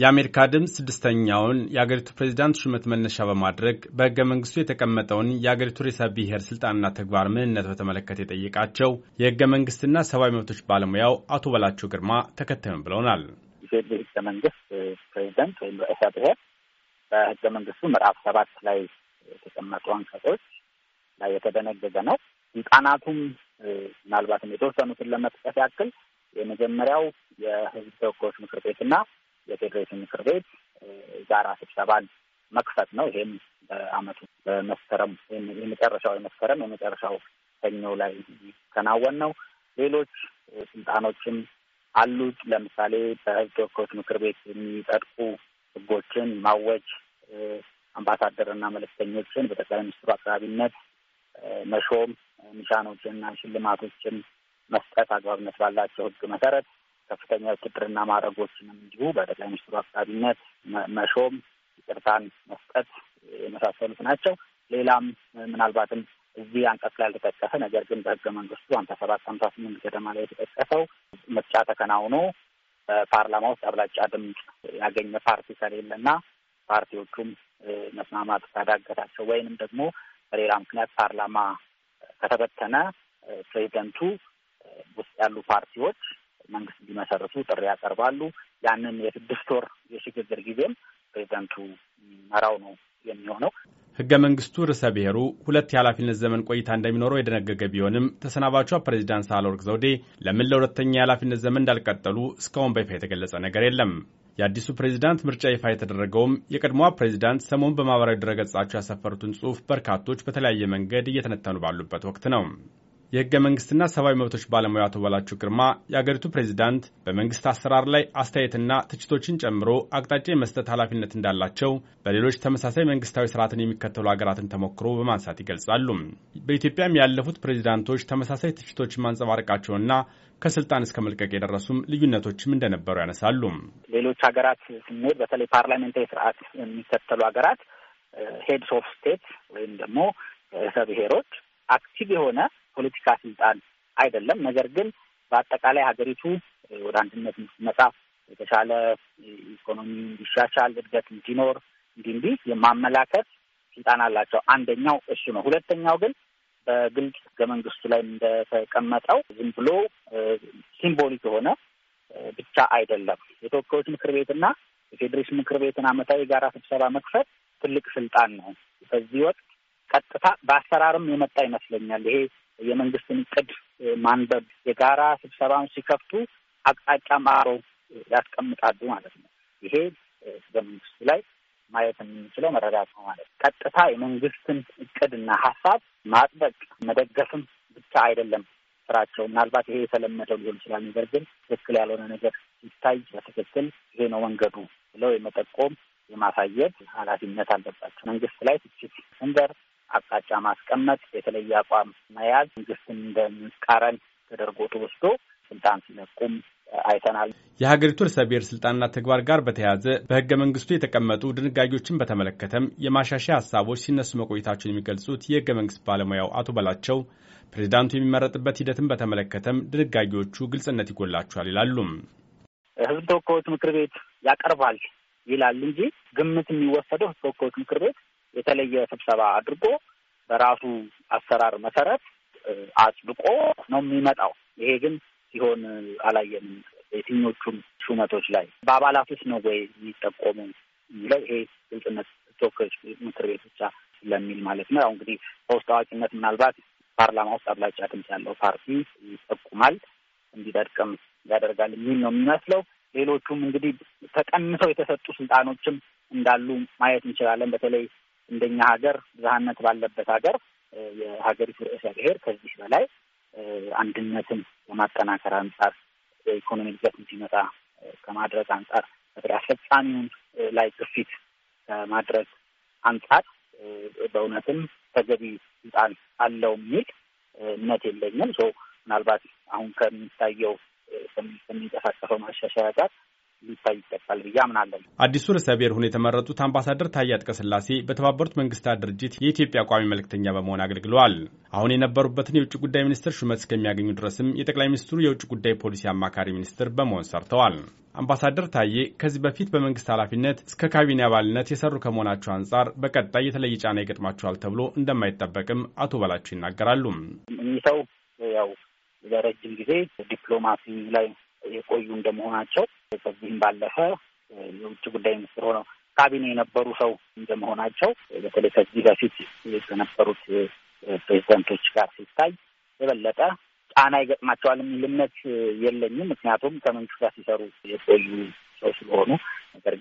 የአሜሪካ ድምፅ ስድስተኛውን የአገሪቱ ፕሬዚዳንት ሹመት መነሻ በማድረግ በሕገ መንግስቱ የተቀመጠውን የአገሪቱ ርዕሰ ብሔር ስልጣንና ተግባር ምንነት በተመለከተ የጠየቃቸው የሕገ መንግስትና ሰብአዊ መብቶች ባለሙያው አቶ በላቸው ግርማ ተከታዩን ብለውናል። ኢፌዴሪ ሕገ መንግስት ፕሬዚደንት ወይም ርዕሰ ብሔር በሕገ መንግስቱ ምዕራፍ ሰባት ላይ የተቀመጡ አንቀጾች ላይ የተደነገገ ነው። ስልጣናቱም ምናልባትም የተወሰኑትን ለመጥቀስ ያክል የመጀመሪያው የህዝብ ተወካዮች ምክር ቤትና የፌዴሬሽን ምክር ቤት ጋራ ስብሰባን መክፈት ነው። ይሄም በአመቱ በመስከረም የመጨረሻው የመስከረም የመጨረሻው ሰኞ ላይ የሚከናወን ነው። ሌሎች ስልጣኖችም አሉት። ለምሳሌ በሕዝብ ተወካዮች ምክር ቤት የሚጸድቁ ህጎችን ማወጅ፣ አምባሳደርና መልእክተኞችን በጠቅላይ ሚኒስትሩ አቅራቢነት መሾም፣ ኒሻኖችንና ሽልማቶችን መስጠት አግባብነት ባላቸው ህግ መሰረት ከፍተኛ ውትድርና ማዕረጎችንም እንዲሁ በጠቅላይ ሚኒስትሩ አቅራቢነት መሾም፣ ይቅርታን መስጠት የመሳሰሉት ናቸው። ሌላም ምናልባትም እዚህ አንቀጽ ላይ ያልተጠቀሰ ነገር ግን በህገ መንግስቱ ሀምሳ ሰባት ሀምሳ ስምንት ገደማ ላይ የተጠቀሰው ምርጫ ተከናውኖ በፓርላማ ውስጥ አብላጫ ድምፅ ያገኘ ፓርቲ ከሌለና ፓርቲዎቹም መስማማት ካዳገታቸው ወይንም ደግሞ በሌላ ምክንያት ፓርላማ ከተበተነ ፕሬዚደንቱ ውስጥ ያሉ ፓርቲዎች መንግስት እንዲመሰርቱ ጥሪ ያቀርባሉ። ያንን የስድስት ወር የሽግግር ጊዜም ፕሬዚደንቱ መራው ነው የሚሆነው። ህገ መንግስቱ ርዕሰ ብሔሩ ሁለት የኃላፊነት ዘመን ቆይታ እንደሚኖረው የደነገገ ቢሆንም ተሰናባቿ ፕሬዚዳንት ሳህለወርቅ ዘውዴ ለምን ለሁለተኛ የኃላፊነት ዘመን እንዳልቀጠሉ እስካሁን በይፋ የተገለጸ ነገር የለም። የአዲሱ ፕሬዚዳንት ምርጫ ይፋ የተደረገውም የቀድሞዋ ፕሬዚዳንት ሰሞን በማህበራዊ ድረገጻቸው ያሰፈሩትን ጽሑፍ በርካቶች በተለያየ መንገድ እየተነተኑ ባሉበት ወቅት ነው። የህገ መንግስትና ሰብአዊ መብቶች ባለሙያ አቶ ግርማ የአገሪቱ ፕሬዚዳንት በመንግስት አሰራር ላይ አስተያየትና ትችቶችን ጨምሮ አቅጣጫ የመስጠት ኃላፊነት እንዳላቸው በሌሎች ተመሳሳይ መንግስታዊ ስርዓትን የሚከተሉ ሀገራትን ተሞክሮ በማንሳት ይገልጻሉ። በኢትዮጵያም ያለፉት ፕሬዚዳንቶች ተመሳሳይ ትችቶችን ማንጸባረቃቸውና ከስልጣን እስከ መልቀቅ የደረሱም ልዩነቶችም እንደነበሩ ያነሳሉ። ሌሎች ሀገራት ስንሄድ በተለይ ፓርላሜንታዊ ስርዓት የሚከተሉ ሀገራት ሄድስ ኦፍ ስቴት ወይም ደግሞ ርዕሰ ብሔሮች አክቲቭ የሆነ የፖለቲካ ስልጣን አይደለም። ነገር ግን በአጠቃላይ ሀገሪቱ ወደ አንድነት እንድትመጣ የተሻለ ኢኮኖሚ እንዲሻሻል፣ እድገት እንዲኖር እንዲህ እንዲህ የማመላከት ስልጣን አላቸው። አንደኛው እሱ ነው። ሁለተኛው ግን በግልጽ ህገ መንግስቱ ላይ እንደተቀመጠው ዝም ብሎ ሲምቦሊክ የሆነ ብቻ አይደለም። የተወካዮች ምክር ቤትና የፌዴሬሽን ምክር ቤትን አመታዊ የጋራ ስብሰባ መክፈት ትልቅ ስልጣን ነው። በዚህ ወቅት ቀጥታ በአሰራርም የመጣ ይመስለኛል ይሄ የመንግስትን እቅድ ማንበብ፣ የጋራ ስብሰባውን ሲከፍቱ አቅጣጫ ማሮ ያስቀምጣሉ ማለት ነው። ይሄ ህገ መንግስቱ ላይ ማየት የምንችለው መረዳት ነው ማለት ነው። ቀጥታ የመንግስትን እቅድና ሀሳብ ማጥበቅ መደገፍም ብቻ አይደለም ስራቸው። ምናልባት ይሄ የተለመደው ሊሆን ይችላል። ነገር ግን ትክክል ያልሆነ ነገር ሲታይ በትክክል ይሄ ነው መንገዱ ብለው የመጠቆም የማሳየት ኃላፊነት አለባቸው። መንግስት ላይ ትችት ስንደርስ አቅጣጫ ማስቀመጥ፣ የተለየ አቋም መያዝ መንግስትን እንደሚቃረን ተደርጎ ተወስዶ ስልጣን ሲለቁም አይተናል። የሀገሪቱ ርዕሰ ብሔር ስልጣንና ተግባር ጋር በተያያዘ በህገ መንግስቱ የተቀመጡ ድንጋጌዎችን በተመለከተም የማሻሻያ ሀሳቦች ሲነሱ መቆየታቸውን የሚገልጹት የህገ መንግስት ባለሙያው አቶ በላቸው ፕሬዚዳንቱ የሚመረጥበት ሂደትን በተመለከተም ድንጋጌዎቹ ግልጽነት ይጎላቸዋል ይላሉም። ህዝብ ተወካዮች ምክር ቤት ያቀርባል ይላል እንጂ ግምት የሚወሰደው ህዝብ ተወካዮች ምክር ቤት የተለየ ስብሰባ አድርጎ በራሱ አሰራር መሰረት አጽድቆ ነው የሚመጣው። ይሄ ግን ሲሆን አላየንም። የትኞቹም ሹመቶች ላይ በአባላት ውስጥ ነው ወይ የሚጠቆሙ የሚለው ይሄ ግልጽነት ተወካዮች ምክር ቤት ብቻ ስለሚል ማለት ነው። ያው እንግዲህ በውስጥ አዋቂነት ምናልባት ፓርላማ ውስጥ አብላጫ ድምፅ ያለው ፓርቲ ይጠቁማል፣ እንዲደርቅም ያደርጋል የሚል ነው የሚመስለው። ሌሎቹም እንግዲህ ተቀንሰው የተሰጡ ስልጣኖችም እንዳሉ ማየት እንችላለን። በተለይ እንደኛ ሀገር ብዝሃነት ባለበት ሀገር የሀገሪቱ ርዕሰ ብሔር ከዚህ በላይ አንድነትን በማጠናከር አንጻር የኢኮኖሚ እድገት እንዲመጣ ከማድረግ አንጻር በተለይ አስፈጻሚውን ላይ ግፊት ከማድረግ አንጻር በእውነትም ተገቢ ስልጣን አለው የሚል እምነት የለኝም። ምናልባት አሁን ከሚታየው ከሚንቀሳቀሰው ማሻሻያ ጋር ሊታይ ይገባል ብዬ አምናለን። አዲሱ ርዕሰ ብሔር ሆነው የተመረጡት አምባሳደር ታዬ አጽቀሥላሴ በተባበሩት መንግስታት ድርጅት የኢትዮጵያ ቋሚ መልእክተኛ በመሆን አገልግለዋል። አሁን የነበሩበትን የውጭ ጉዳይ ሚኒስትር ሹመት እስከሚያገኙ ድረስም የጠቅላይ ሚኒስትሩ የውጭ ጉዳይ ፖሊሲ አማካሪ ሚኒስትር በመሆን ሰርተዋል። አምባሳደር ታዬ ከዚህ በፊት በመንግስት ኃላፊነት እስከ ካቢኔ አባልነት የሰሩ ከመሆናቸው አንጻር በቀጣይ የተለየ ጫና ይገጥማቸዋል ተብሎ እንደማይጠበቅም አቶ በላቸው ይናገራሉ። እኚህ ሰው ያው ለረጅም ጊዜ ዲፕሎማሲ ላይ የቆዩ እንደመሆናቸው በዚህም ባለፈ የውጭ ጉዳይ ሚኒስትር ሆነው ካቢኔ የነበሩ ሰው እንደመሆናቸው በተለይ ከዚህ በፊት ከነበሩት ፕሬዚደንቶች ጋር ሲታይ የበለጠ ጫና ይገጥማቸዋል የሚል እምነት የለኝም። ምክንያቱም ከመንግስት ጋር ሲሰሩ የቆዩ ሰው ስለሆኑ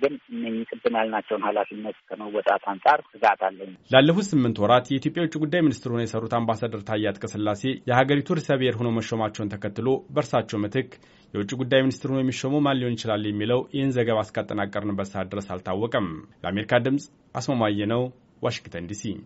ግን እነኚህ ቅድም ያልናቸውን ኃላፊነት ከመወጣት አንጻር ስጋት አለኝ። ላለፉት ስምንት ወራት የኢትዮጵያ የውጭ ጉዳይ ሚኒስትር ሆነው የሰሩት አምባሳደር ታዬ አጽቀሥላሴ የሀገሪቱ ርዕሰ ብሔር ሆነው መሾማቸውን ተከትሎ በእርሳቸው ምትክ የውጭ ጉዳይ ሚኒስትር ሆኖ የሚሾመው ማን ሊሆን ይችላል የሚለው ይህን ዘገባ እስካጠናቀርንበት ሰዓት ድረስ አልታወቀም። ለአሜሪካ ድምፅ አስማማየ ነው፣ ዋሽንግተን ዲሲ